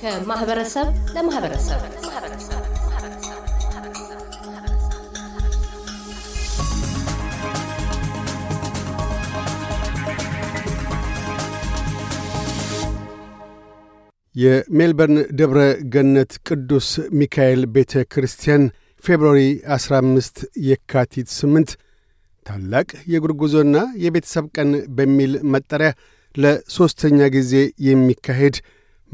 ከማህበረሰብ ለማህበረሰብ የሜልበርን ደብረ ገነት ቅዱስ ሚካኤል ቤተ ክርስቲያን ፌብርዋሪ 15 የካቲት 8 ታላቅ የጉርጉዞና የቤተሰብ ቀን በሚል መጠሪያ ለሦስተኛ ጊዜ የሚካሄድ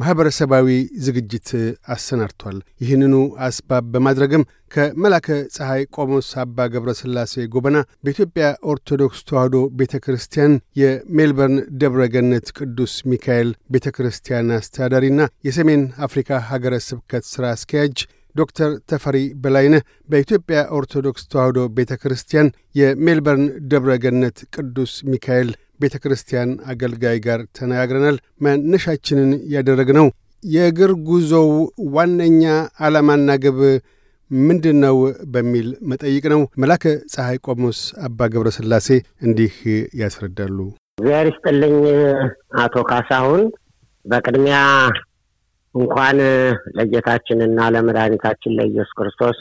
ማኅበረሰባዊ ዝግጅት አሰናድቷል። ይህንኑ አስባብ በማድረግም ከመላከ ፀሐይ ቆሞስ አባ ገብረ ሥላሴ ጎበና በኢትዮጵያ ኦርቶዶክስ ተዋሕዶ ቤተ ክርስቲያን የሜልበርን ደብረ ገነት ቅዱስ ሚካኤል ቤተ ክርስቲያን አስተዳዳሪና የሰሜን አፍሪካ ሀገረ ስብከት ሥራ አስኪያጅ ዶክተር ተፈሪ በላይነህ በኢትዮጵያ ኦርቶዶክስ ተዋሕዶ ቤተ ክርስቲያን የሜልበርን ደብረ ገነት ቅዱስ ሚካኤል ቤተ ክርስቲያን አገልጋይ ጋር ተነጋግረናል። መነሻችንን ያደረግ ነው። የእግር ጉዞው ዋነኛ ዓላማና ግብ ምንድን ነው በሚል መጠይቅ ነው። መላከ ፀሐይ ቆሞስ አባ ገብረ ስላሴ እንዲህ ያስረዳሉ። እግዚአብሔር ይስጥልኝ አቶ ካሳሁን። በቅድሚያ እንኳን ለጌታችንና ለመድኃኒታችን ለኢየሱስ ክርስቶስ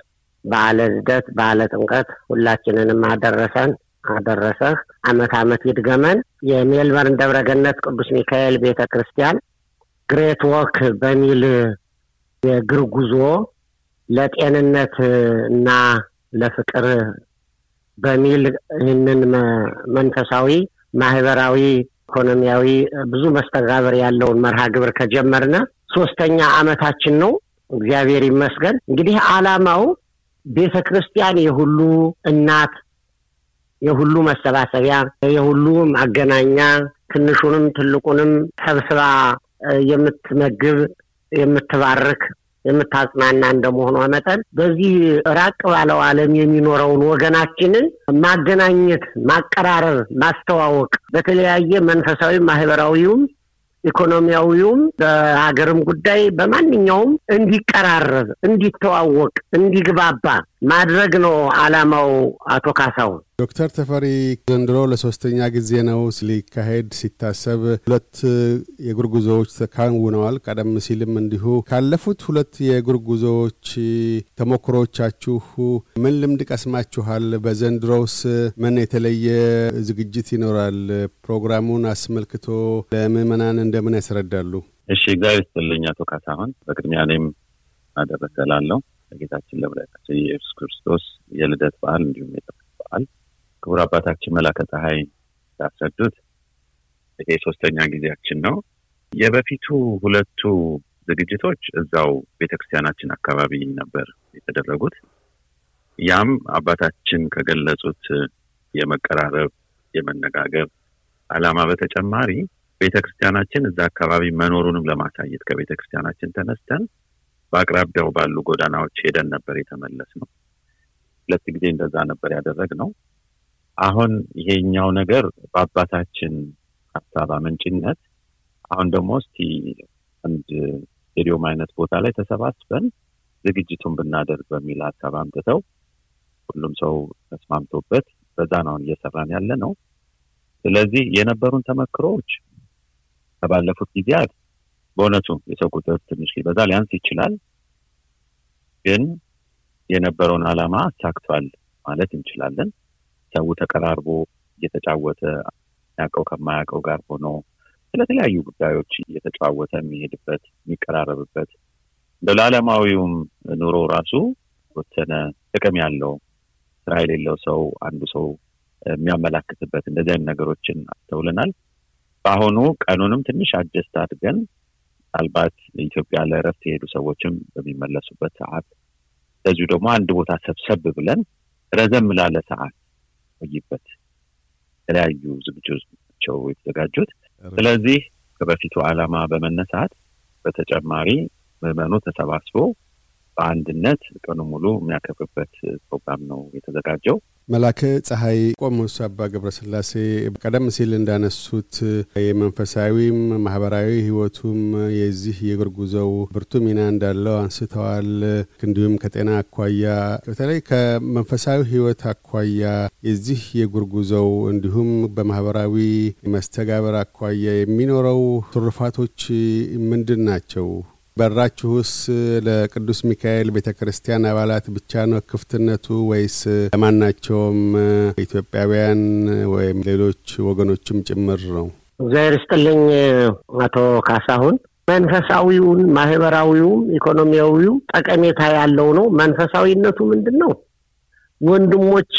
በዓለ ልደት፣ በዓለ ጥምቀት ሁላችንንም አደረሰን። አደረሰህ አመት አመት ይድገመን። የሜልበርን ደብረገነት ቅዱስ ሚካኤል ቤተ ክርስቲያን ግሬት ወክ በሚል የእግር ጉዞ ለጤንነት እና ለፍቅር በሚል ይህንን መንፈሳዊ፣ ማህበራዊ፣ ኢኮኖሚያዊ ብዙ መስተጋብር ያለውን መርሃ ግብር ከጀመርነ ሶስተኛ አመታችን ነው። እግዚአብሔር ይመስገን። እንግዲህ አላማው ቤተ ክርስቲያን የሁሉ እናት የሁሉ መሰባሰቢያ፣ የሁሉ ማገናኛ፣ ትንሹንም ትልቁንም ሰብስባ የምትመግብ የምትባርክ የምታጽናና እንደመሆኗ መጠን በዚህ ራቅ ባለው ዓለም የሚኖረውን ወገናችንን ማገናኘት፣ ማቀራረብ፣ ማስተዋወቅ በተለያየ መንፈሳዊ ማህበራዊውም ኢኮኖሚያዊውም በሀገርም ጉዳይ በማንኛውም እንዲቀራረብ፣ እንዲተዋወቅ፣ እንዲግባባ ማድረግ ነው አላማው። አቶ ካሳሁን ዶክተር ተፈሪ ዘንድሮ ለሶስተኛ ጊዜ ነው ሊካሄድ ሲታሰብ ሁለት የእግር ጉዞዎች ተካውነዋል። ቀደም ሲልም እንዲሁ ካለፉት ሁለት የእግር ጉዞዎች ተሞክሮቻችሁ ምን ልምድ ቀስማችኋል? በዘንድሮውስ ምን የተለየ ዝግጅት ይኖራል? ፕሮግራሙን አስመልክቶ ለምዕመናን እንደምን ያስረዳሉ? እሺ፣ እግዚአብሔር ይስጥልኝ አቶ ካሳሁን። በቅድሚያ እኔም አደረሰላለሁ ለጌታችን ለመድኃኒታችን የኢየሱስ ክርስቶስ የልደት በዓል እንዲሁም የጥምቀት በዓል ክቡር አባታችን መላከ ፀሐይ እንዳስረዱት ይሄ ሶስተኛ ጊዜያችን ነው። የበፊቱ ሁለቱ ዝግጅቶች እዛው ቤተክርስቲያናችን አካባቢ ነበር የተደረጉት። ያም አባታችን ከገለጹት የመቀራረብ የመነጋገር አላማ በተጨማሪ ቤተክርስቲያናችን እዛ አካባቢ መኖሩንም ለማሳየት ከቤተክርስቲያናችን ተነስተን በአቅራቢያው ባሉ ጎዳናዎች ሄደን ነበር የተመለስ ነው። ሁለት ጊዜ እንደዛ ነበር ያደረግ ነው። አሁን ይሄኛው ነገር በአባታችን ሀሳብ አመንጭነት አሁን ደግሞ እስቲ አንድ ስቴዲየም አይነት ቦታ ላይ ተሰባስበን ዝግጅቱን ብናደርግ በሚል ሀሳብ አምጥተው ሁሉም ሰው ተስማምቶበት በዛ ነው እየሰራን ያለ ነው። ስለዚህ የነበሩን ተመክሮዎች ከባለፉት ጊዜያት በእውነቱ የሰው ቁጥር ትንሽ ሊበዛ ሊያንስ ይችላል፣ ግን የነበረውን ዓላማ አሳክቷል ማለት እንችላለን። ሰው ተቀራርቦ እየተጫወተ ያውቀው ከማያውቀው ጋር ሆኖ ስለተለያዩ ጉዳዮች እየተጫወተ የሚሄድበት የሚቀራረብበት እንደ ለዓለማዊውም ኑሮ ራሱ ወሰነ ጥቅም ያለው ስራ የሌለው ሰው አንዱ ሰው የሚያመላክትበት እንደዚህ አይነት ነገሮችን አስተውለናል። በአሁኑ ቀኑንም ትንሽ አጀስት አድርገን ምናልባት ኢትዮጵያ ለእረፍት የሄዱ ሰዎችም በሚመለሱበት ሰዓት እንደዚሁ ደግሞ አንድ ቦታ ሰብሰብ ብለን ረዘም ላለ ሰዓት ቆይበት የተለያዩ ዝግጅቶች ናቸው የተዘጋጁት። ስለዚህ ከበፊቱ አላማ በመነሳት በተጨማሪ ምዕመኑ ተሰባስቦ በአንድነት ቀኑ ሙሉ የሚያከብርበት ፕሮግራም ነው የተዘጋጀው። መላከ ፀሐይ ቆሞስ አባ ገብረስላሴ ቀደም ሲል እንዳነሱት የመንፈሳዊም ማህበራዊ ህይወቱም የዚህ የእግር ጉዞው ብርቱ ሚና እንዳለው አንስተዋል። እንዲሁም ከጤና አኳያ በተለይ ከመንፈሳዊ ህይወት አኳያ የዚህ የእግር ጉዞው እንዲሁም በማህበራዊ መስተጋበር አኳያ የሚኖረው ትሩፋቶች ምንድን ናቸው? በራችሁስ ለቅዱስ ሚካኤል ቤተ ክርስቲያን አባላት ብቻ ነው ክፍትነቱ ወይስ ለማናቸውም ኢትዮጵያውያን ወይም ሌሎች ወገኖችም ጭምር ነው? እግዚአብሔር ይስጥልኝ አቶ ካሳሁን። መንፈሳዊውን፣ ማህበራዊውም፣ ኢኮኖሚያዊው ጠቀሜታ ያለው ነው። መንፈሳዊነቱ ምንድን ነው? ወንድሞች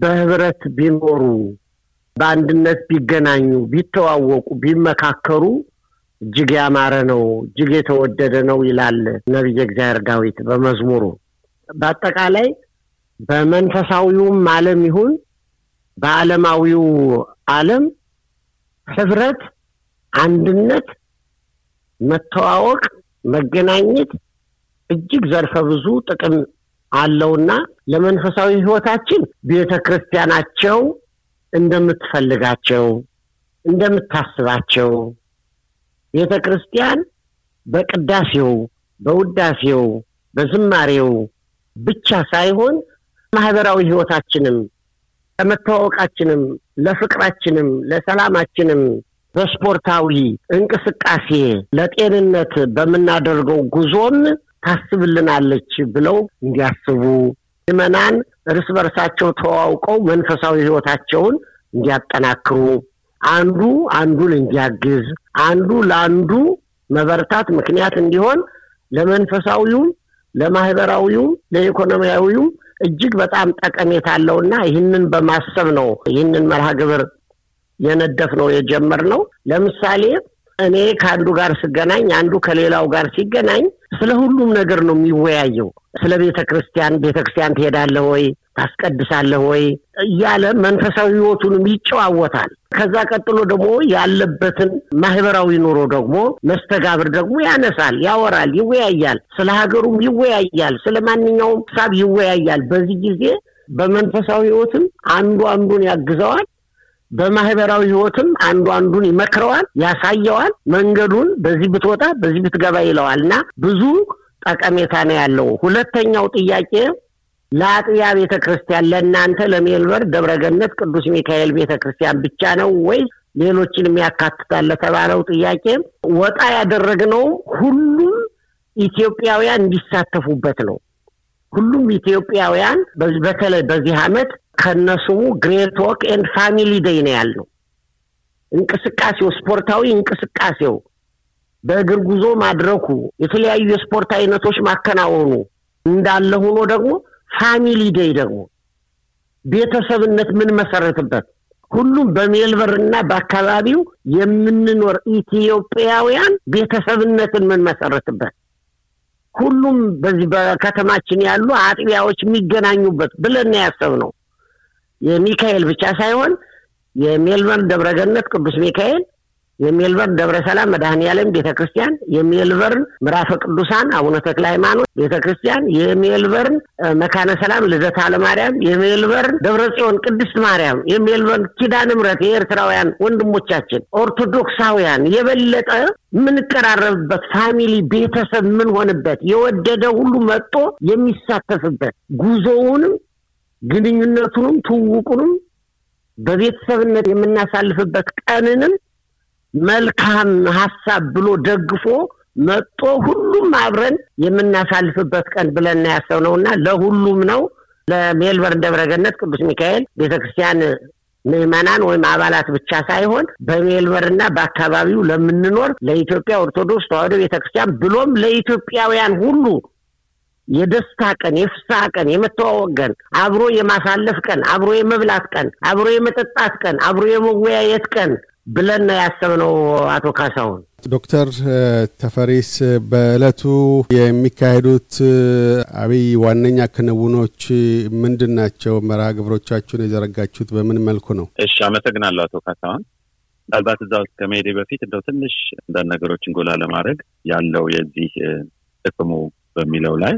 በህብረት ቢኖሩ፣ በአንድነት ቢገናኙ፣ ቢተዋወቁ፣ ቢመካከሩ እጅግ ያማረ ነው፣ እጅግ የተወደደ ነው ይላል ነቢየ እግዚአብሔር ዳዊት በመዝሙሩ። በአጠቃላይ በመንፈሳዊውም ዓለም ይሁን በዓለማዊው ዓለም ህብረት፣ አንድነት፣ መተዋወቅ፣ መገናኘት እጅግ ዘርፈ ብዙ ጥቅም አለውና ለመንፈሳዊ ህይወታችን ቤተ ክርስቲያናቸው እንደምትፈልጋቸው እንደምታስባቸው ቤተ ክርስቲያን በቅዳሴው፣ በውዳሴው፣ በዝማሬው ብቻ ሳይሆን ማህበራዊ ህይወታችንም ለመተዋወቃችንም፣ ለፍቅራችንም፣ ለሰላማችንም በስፖርታዊ እንቅስቃሴ ለጤንነት በምናደርገው ጉዞም ታስብልናለች ብለው እንዲያስቡ ምዕመናን እርስ በርሳቸው ተዋውቀው መንፈሳዊ ህይወታቸውን እንዲያጠናክሩ አንዱ አንዱን እንዲያግዝ፣ አንዱ ለአንዱ መበርታት ምክንያት እንዲሆን ለመንፈሳዊውም፣ ለማህበራዊውም፣ ለኢኮኖሚያዊውም እጅግ በጣም ጠቀሜታ አለውና ይህንን በማሰብ ነው ይህንን መርሃ ግብር የነደፍ ነው የጀመር ነው። ለምሳሌ እኔ ከአንዱ ጋር ስገናኝ አንዱ ከሌላው ጋር ሲገናኝ ስለ ሁሉም ነገር ነው የሚወያየው። ስለ ቤተ ክርስቲያን ቤተ ክርስቲያን ትሄዳለህ ወይ? አስቀድሳለህ ወይ እያለ መንፈሳዊ ህይወቱንም ይጨዋወታል። ከዛ ቀጥሎ ደግሞ ያለበትን ማህበራዊ ኑሮ ደግሞ መስተጋብር ደግሞ ያነሳል፣ ያወራል፣ ይወያያል። ስለ ሀገሩም ይወያያል፣ ስለ ማንኛውም ሳብ ይወያያል። በዚህ ጊዜ በመንፈሳዊ ህይወትም አንዱ አንዱን ያግዘዋል። በማህበራዊ ህይወትም አንዱ አንዱን ይመክረዋል፣ ያሳየዋል። መንገዱን በዚህ ብትወጣ በዚህ ብትገባ ይለዋል እና ብዙ ጠቀሜታ ነው ያለው። ሁለተኛው ጥያቄ ለአጥያ ቤተ ክርስቲያን ለእናንተ ለሜልበር ደብረገነት ቅዱስ ሚካኤል ቤተ ክርስቲያን ብቻ ነው ወይ ሌሎችንም ያካትታል ለተባለው ጥያቄ ወጣ ያደረግነው ሁሉም ኢትዮጵያውያን እንዲሳተፉበት ነው። ሁሉም ኢትዮጵያውያን በተለይ በዚህ ዓመት ከነሱ ግሬት ወክ ኤንድ ፋሚሊ ደይ ነው ያልነው። እንቅስቃሴው ስፖርታዊ እንቅስቃሴው በእግር ጉዞ ማድረኩ፣ የተለያዩ የስፖርት አይነቶች ማከናወኑ እንዳለ ሆኖ ደግሞ ፋሚሊ ዴይ ደግሞ ቤተሰብነት መሰረትበት ሁሉም በሜልበር እና በአካባቢው የምንኖር ኢትዮጵያውያን ቤተሰብነትን ምን መሰረትበት ሁሉም በዚህ በከተማችን ያሉ አጥቢያዎች የሚገናኙበት ብለን ያሰብ ነው የሚካኤል ብቻ ሳይሆን የሜልበርን ደብረገነት ቅዱስ ሚካኤል የሜልበርን ደብረ ሰላም መድኃኔ ዓለም ቤተ ክርስቲያን፣ የሜልበርን ምዕራፈ ቅዱሳን አቡነ ተክለ ሃይማኖት ቤተ ክርስቲያን፣ የሜልበርን መካነ ሰላም ልደታ ለማርያም፣ የሜልበርን ደብረ ጽዮን ቅድስት ማርያም፣ የሜልበርን ኪዳነ ምሕረት የኤርትራውያን ወንድሞቻችን ኦርቶዶክሳውያን የበለጠ የምንቀራረብበት ፋሚሊ ቤተሰብ የምንሆንበት የወደደ ሁሉ መጥቶ የሚሳተፍበት ጉዞውንም ግንኙነቱንም ትውውቁንም በቤተሰብነት የምናሳልፍበት ቀንንም መልካም ሀሳብ ብሎ ደግፎ መጦ ሁሉም አብረን የምናሳልፍበት ቀን ብለን ነው እና ለሁሉም ነው። ለሜልበርን ደብረገነት ቅዱስ ሚካኤል ቤተክርስቲያን ምዕመናን ወይም አባላት ብቻ ሳይሆን በሜልበርና በአካባቢው ለምንኖር ለኢትዮጵያ ኦርቶዶክስ ተዋህዶ ቤተክርስቲያን ብሎም ለኢትዮጵያውያን ሁሉ የደስታ ቀን፣ የፍስሐ ቀን፣ የመተዋወቅ ቀን፣ አብሮ የማሳለፍ ቀን፣ አብሮ የመብላት ቀን፣ አብሮ የመጠጣት ቀን፣ አብሮ የመወያየት ቀን ብለን ያሰብነው አቶ ካሳሁን ዶክተር ተፈሪስ በእለቱ የሚካሄዱት አብይ ዋነኛ ክንውኖች ምንድን ናቸው? መርሃ ግብሮቻችሁን የዘረጋችሁት በምን መልኩ ነው? እሺ፣ አመሰግናለሁ አቶ ካሳሁን። ምናልባት እዛ ውስጥ ከመሄዴ በፊት እንደው ትንሽ አንዳንድ ነገሮችን ጎላ ለማድረግ ያለው የዚህ ጥቅሙ በሚለው ላይ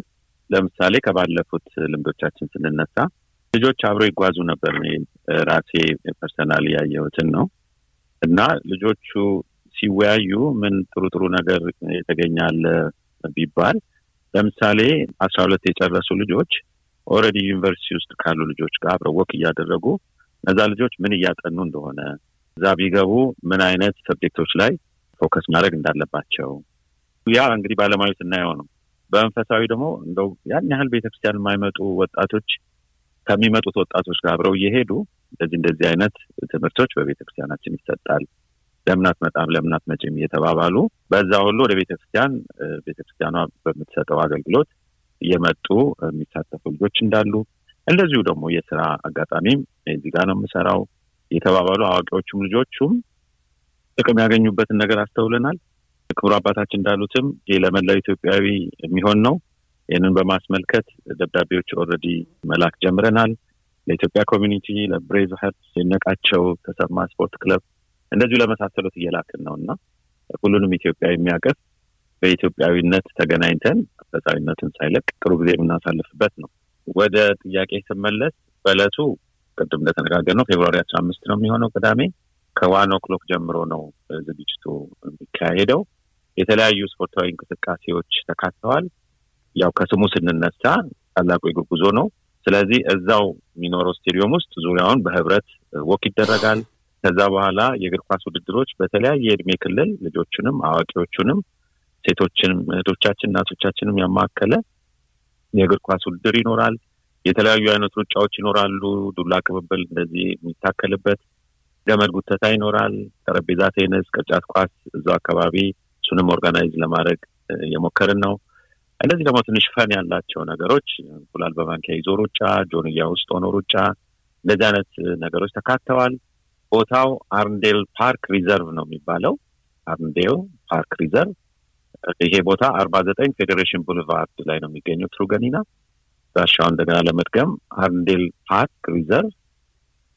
ለምሳሌ ከባለፉት ልምዶቻችን ስንነሳ ልጆች አብረው ይጓዙ ነበር። ራሴ ፐርሰናል ያየሁትን ነው እና ልጆቹ ሲወያዩ ምን ጥሩ ጥሩ ነገር የተገኛለ ቢባል ለምሳሌ አስራ ሁለት የጨረሱ ልጆች ኦረዲ ዩኒቨርሲቲ ውስጥ ካሉ ልጆች ጋር አብረው ወክ እያደረጉ እነዛ ልጆች ምን እያጠኑ እንደሆነ እዛ ቢገቡ ምን አይነት ሰብጀክቶች ላይ ፎከስ ማድረግ እንዳለባቸው ያ እንግዲህ ባለሙያዊ ስናየው ነው። በመንፈሳዊ ደግሞ እንደው ያን ያህል ቤተክርስቲያን የማይመጡ ወጣቶች ከሚመጡት ወጣቶች ጋር አብረው እየሄዱ እንደዚህ እንደዚህ አይነት ትምህርቶች በቤተክርስቲያናችን ይሰጣል ለምናት መጣም ለምናት መጪም እየተባባሉ በዛ ሁሉ ወደ ቤተክርስቲያን ቤተክርስቲያኗ በምትሰጠው አገልግሎት እየመጡ የሚሳተፉ ልጆች እንዳሉ እንደዚሁ ደግሞ የስራ አጋጣሚም እዚህ ጋር ነው የምሰራው የተባባሉ አዋቂዎቹም ልጆቹም ጥቅም ያገኙበትን ነገር አስተውለናል። ክቡር አባታችን እንዳሉትም ለመላው ኢትዮጵያዊ የሚሆን ነው። ይህንን በማስመልከት ደብዳቤዎች ኦረዲ መላክ ጀምረናል። ለኢትዮጵያ ኮሚኒቲ፣ ለብሬቭ ሀርት፣ የነቃቸው ተሰማ ስፖርት ክለብ እንደዚሁ ለመሳሰሉት እየላክን ነው እና ሁሉንም ኢትዮጵያ የሚያቀፍ በኢትዮጵያዊነት ተገናኝተን አፈፃዊነትን ሳይለቅ ጥሩ ጊዜ የምናሳልፍበት ነው። ወደ ጥያቄ ስመለስ በእለቱ ቅድም እንደተነጋገር ነው ፌብሩዋሪ አስራ አምስት ነው የሚሆነው ቅዳሜ ከዋን ኦክሎክ ጀምሮ ነው ዝግጅቱ የሚካሄደው። የተለያዩ ስፖርታዊ እንቅስቃሴዎች ተካተዋል። ያው ከስሙ ስንነሳ ታላቁ የእግር ጉዞ ነው። ስለዚህ እዛው የሚኖረው ስቴዲየም ውስጥ ዙሪያውን በህብረት ወክ ይደረጋል። ከዛ በኋላ የእግር ኳስ ውድድሮች በተለያየ የእድሜ ክልል ልጆችንም አዋቂዎቹንም ሴቶችንም እህቶቻችን እናቶቻችንም ያማከለ የእግር ኳስ ውድድር ይኖራል። የተለያዩ አይነት ሩጫዎች ይኖራሉ። ዱላ ቅብብል እንደዚህ የሚታከልበት ገመድ ጉተታ ይኖራል። ጠረጴዛ ቴንስ፣ ቅርጫት ኳስ እዛው አካባቢ እሱንም ኦርጋናይዝ ለማድረግ የሞከርን ነው። እነዚህ ደግሞ ትንሽ ፈን ያላቸው ነገሮች እንቁላል በማንኪያ ይዞ ሩጫ፣ ጆንያ ውስጥ ሆኖ ሩጫ፣ እንደዚህ አይነት ነገሮች ተካተዋል። ቦታው አርንዴል ፓርክ ሪዘርቭ ነው የሚባለው። አርንዴል ፓርክ ሪዘርቭ ይሄ ቦታ አርባ ዘጠኝ ፌዴሬሽን ቡልቫርድ ላይ ነው የሚገኘው ትሩገኒና ዛሻው እንደገና ለመድገም አርንዴል ፓርክ ሪዘርቭ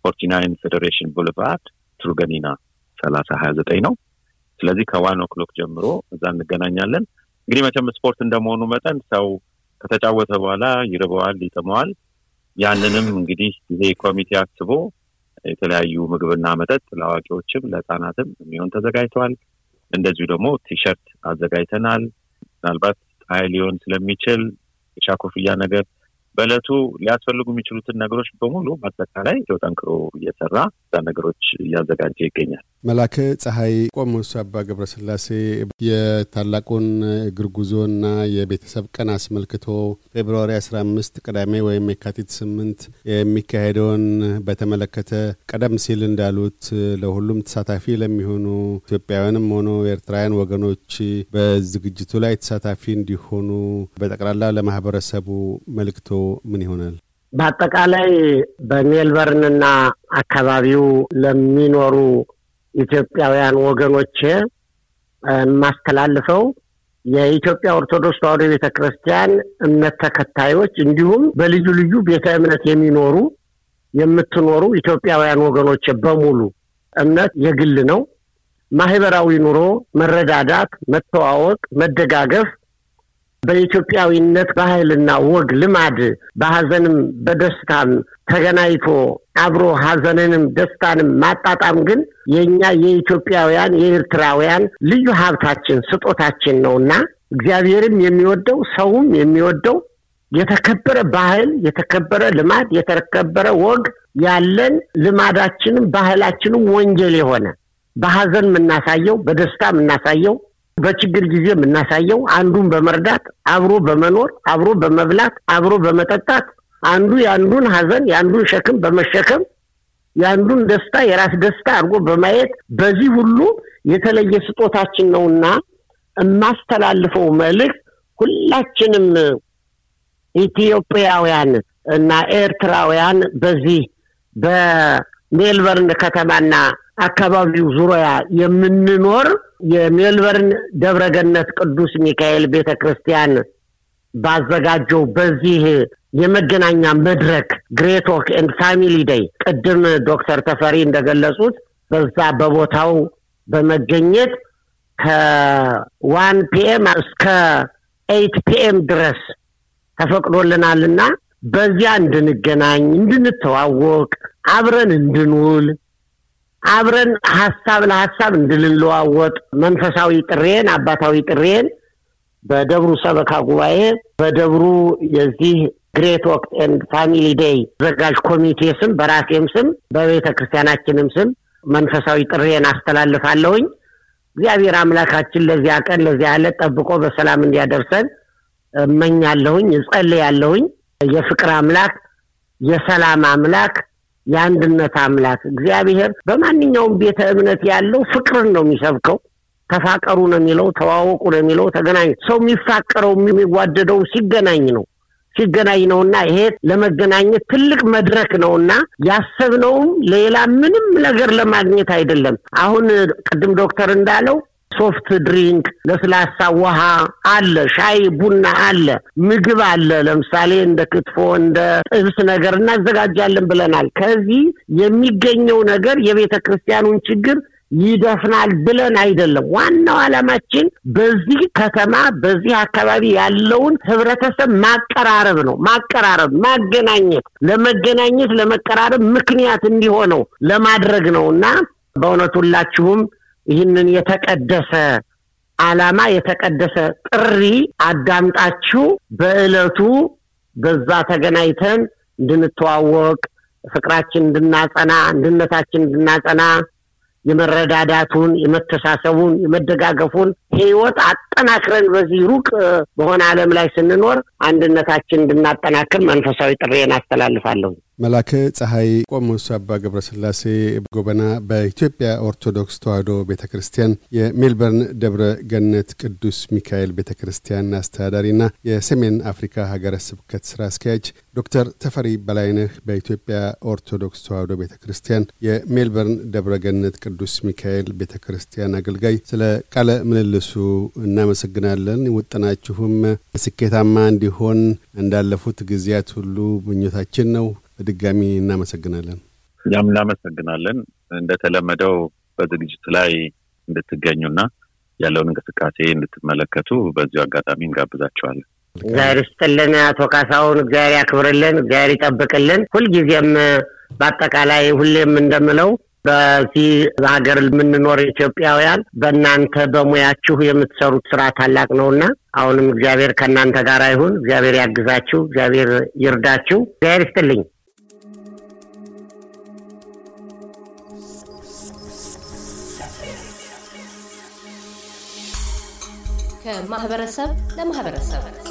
ፎርቲ ናይን ፌዴሬሽን ቡልቫርድ ትሩገኒና ሰላሳ ሀያ ዘጠኝ ነው። ስለዚህ ከዋን ኦክሎክ ጀምሮ እዛ እንገናኛለን። እንግዲህ መቼም ስፖርት እንደመሆኑ መጠን ሰው ከተጫወተ በኋላ ይርበዋል፣ ይጥመዋል። ያንንም እንግዲህ ይሄ ኮሚቴ አስቦ የተለያዩ ምግብና መጠጥ ለአዋቂዎችም ለህፃናትም የሚሆን ተዘጋጅተዋል። እንደዚሁ ደግሞ ቲሸርት አዘጋጅተናል። ምናልባት ፀሐይ ሊሆን ስለሚችል ኮፍያ ነገር በእለቱ ሊያስፈልጉ የሚችሉትን ነገሮች በሙሉ በአጠቃላይ ጠንክሮ እየሰራ ነገሮች እያዘጋጀ ይገኛል። መላከ ፀሐይ ቆሞስ አባ ገብረስላሴ የታላቁን እግር ጉዞና የቤተሰብ ቀን አስመልክቶ ፌብርዋሪ 15 ቅዳሜ ወይም የካቲት 8 የሚካሄደውን በተመለከተ ቀደም ሲል እንዳሉት ለሁሉም ተሳታፊ ለሚሆኑ ኢትዮጵያውያንም ሆኖ ኤርትራውያን ወገኖች በዝግጅቱ ላይ ተሳታፊ እንዲሆኑ በጠቅላላ ለማህበረሰቡ መልክቶ ምን ይሆናል? በአጠቃላይ በሜልበርንና አካባቢው ለሚኖሩ ኢትዮጵያውያን ወገኖች የማስተላልፈው የኢትዮጵያ ኦርቶዶክስ ተዋሕዶ ቤተ ክርስቲያን እምነት ተከታዮች እንዲሁም በልዩ ልዩ ቤተ እምነት የሚኖሩ የምትኖሩ ኢትዮጵያውያን ወገኖች በሙሉ እምነት የግል ነው። ማህበራዊ ኑሮ፣ መረዳዳት፣ መተዋወቅ፣ መደጋገፍ በኢትዮጵያዊነት ባህልና ወግ ልማድ በሀዘንም በደስታም ተገናኝቶ አብሮ ሀዘንንም ደስታንም ማጣጣም ግን የእኛ የኢትዮጵያውያን የኤርትራውያን ልዩ ሀብታችን ስጦታችን እና እግዚአብሔርም የሚወደው ሰውም የሚወደው የተከበረ ባህል፣ የተከበረ ልማድ፣ የተከበረ ወግ ያለን ልማዳችንም ባህላችንም ወንጀል የሆነ በሀዘን የምናሳየው በደስታ የምናሳየው በችግር ጊዜ የምናሳየው አንዱን በመርዳት አብሮ በመኖር አብሮ በመብላት አብሮ በመጠጣት አንዱ የአንዱን ሀዘን የአንዱን ሸክም በመሸከም የአንዱን ደስታ የራስ ደስታ አድርጎ በማየት በዚህ ሁሉ የተለየ ስጦታችን ነውና የማስተላልፈው መልእክት ሁላችንም ኢትዮጵያውያን እና ኤርትራውያን በዚህ ሜልበርን ከተማና አካባቢው ዙሪያ የምንኖር የሜልበርን ደብረገነት ቅዱስ ሚካኤል ቤተ ክርስቲያን ባዘጋጀው በዚህ የመገናኛ መድረክ ግሬቶክ ኤንድ ፋሚሊ ደይ ቅድም ዶክተር ተፈሪ እንደገለጹት በዛ በቦታው በመገኘት ከዋን ፒኤም እስከ ኤይት ፒኤም ድረስ ተፈቅዶልናልና በዚያ እንድንገናኝ እንድንተዋወቅ አብረን እንድንውል አብረን ሀሳብ ለሀሳብ እንድንለዋወጥ መንፈሳዊ ጥሬን አባታዊ ጥሬን በደብሩ ሰበካ ጉባኤ በደብሩ የዚህ ግሬት ወቅት ኤንድ ፋሚሊ ዴይ ዘጋጅ ኮሚቴ ስም በራሴም ስም በቤተ ክርስቲያናችንም ስም መንፈሳዊ ጥሬን አስተላልፋለሁኝ። እግዚአብሔር አምላካችን ለዚያ ቀን ለዚያ ዕለት ጠብቆ በሰላም እንዲያደርሰን እመኛለሁኝ፣ እጸልያለሁኝ። የፍቅር አምላክ የሰላም አምላክ የአንድነት አምላክ እግዚአብሔር በማንኛውም ቤተ እምነት ያለው ፍቅርን ነው የሚሰብከው። ተፋቀሩ ነው የሚለው፣ ተዋወቁ ነው የሚለው፣ ተገናኝ። ሰው የሚፋቀረው የሚዋደደው ሲገናኝ ነው ሲገናኝ ነውና ይሄ ለመገናኘት ትልቅ መድረክ ነውና ያሰብነውም ሌላ ምንም ነገር ለማግኘት አይደለም። አሁን ቅድም ዶክተር እንዳለው ሶፍት ድሪንክ፣ ለስላሳ ውሃ አለ፣ ሻይ ቡና አለ፣ ምግብ አለ። ለምሳሌ እንደ ክትፎ እንደ ጥብስ ነገር እናዘጋጃለን ብለናል። ከዚህ የሚገኘው ነገር የቤተ ክርስቲያኑን ችግር ይደፍናል ብለን አይደለም። ዋናው ዓላማችን በዚህ ከተማ በዚህ አካባቢ ያለውን ህብረተሰብ ማቀራረብ ነው። ማቀራረብ፣ ማገናኘት፣ ለመገናኘት ለመቀራረብ ምክንያት እንዲሆነው ለማድረግ ነው እና በእውነት ሁላችሁም ይህንን የተቀደሰ ዓላማ የተቀደሰ ጥሪ አዳምጣችሁ በዕለቱ በዛ ተገናኝተን እንድንተዋወቅ ፍቅራችን እንድናጸና፣ አንድነታችን እንድናጸና፣ የመረዳዳቱን፣ የመተሳሰቡን፣ የመደጋገፉን ህይወት አጠናክረን በዚህ ሩቅ በሆነ አለም ላይ ስንኖር አንድነታችን እንድናጠናክር መንፈሳዊ ጥሬን አስተላልፋለሁ። መላከ ፀሐይ ቆሞስ አባ ገብረስላሴ ጎበና በኢትዮጵያ ኦርቶዶክስ ተዋሕዶ ቤተ ክርስቲያን የሜልበርን ደብረ ገነት ቅዱስ ሚካኤል ቤተ ክርስቲያን አስተዳዳሪና የሰሜን አፍሪካ ሀገረ ስብከት ስራ አስኪያጅ፣ ዶክተር ተፈሪ በላይነህ በኢትዮጵያ ኦርቶዶክስ ተዋሕዶ ቤተ ክርስቲያን የሜልበርን ደብረ ገነት ቅዱስ ሚካኤል ቤተ ክርስቲያን አገልጋይ፣ ስለ ቃለ ምልልሱ እናመሰግናለን። ውጥናችሁም ስኬታማ እንዲሆን እንዳለፉት ጊዜያት ሁሉ ምኞታችን ነው። በድጋሚ እናመሰግናለን። እኛም እናመሰግናለን። እንደተለመደው በዝግጅት ላይ እንድትገኙና ያለውን እንቅስቃሴ እንድትመለከቱ በዚሁ አጋጣሚ እንጋብዛቸዋለን። እግዚአብሔር ይስጥልን አቶ ካሳሁን፣ እግዚአብሔር ያክብርልን፣ እግዚአብሔር ይጠብቅልን። ሁልጊዜም በአጠቃላይ ሁሌም እንደምለው በዚህ ሀገር የምንኖር ኢትዮጵያውያን በእናንተ በሙያችሁ የምትሰሩት ስራ ታላቅ ነውና አሁንም እግዚአብሔር ከእናንተ ጋር ይሁን። እግዚአብሔር ያግዛችሁ፣ እግዚአብሔር ይርዳችሁ። እግዚአብሔር ይስጥልኝ። ከማህበረሰብ ለማህበረሰብ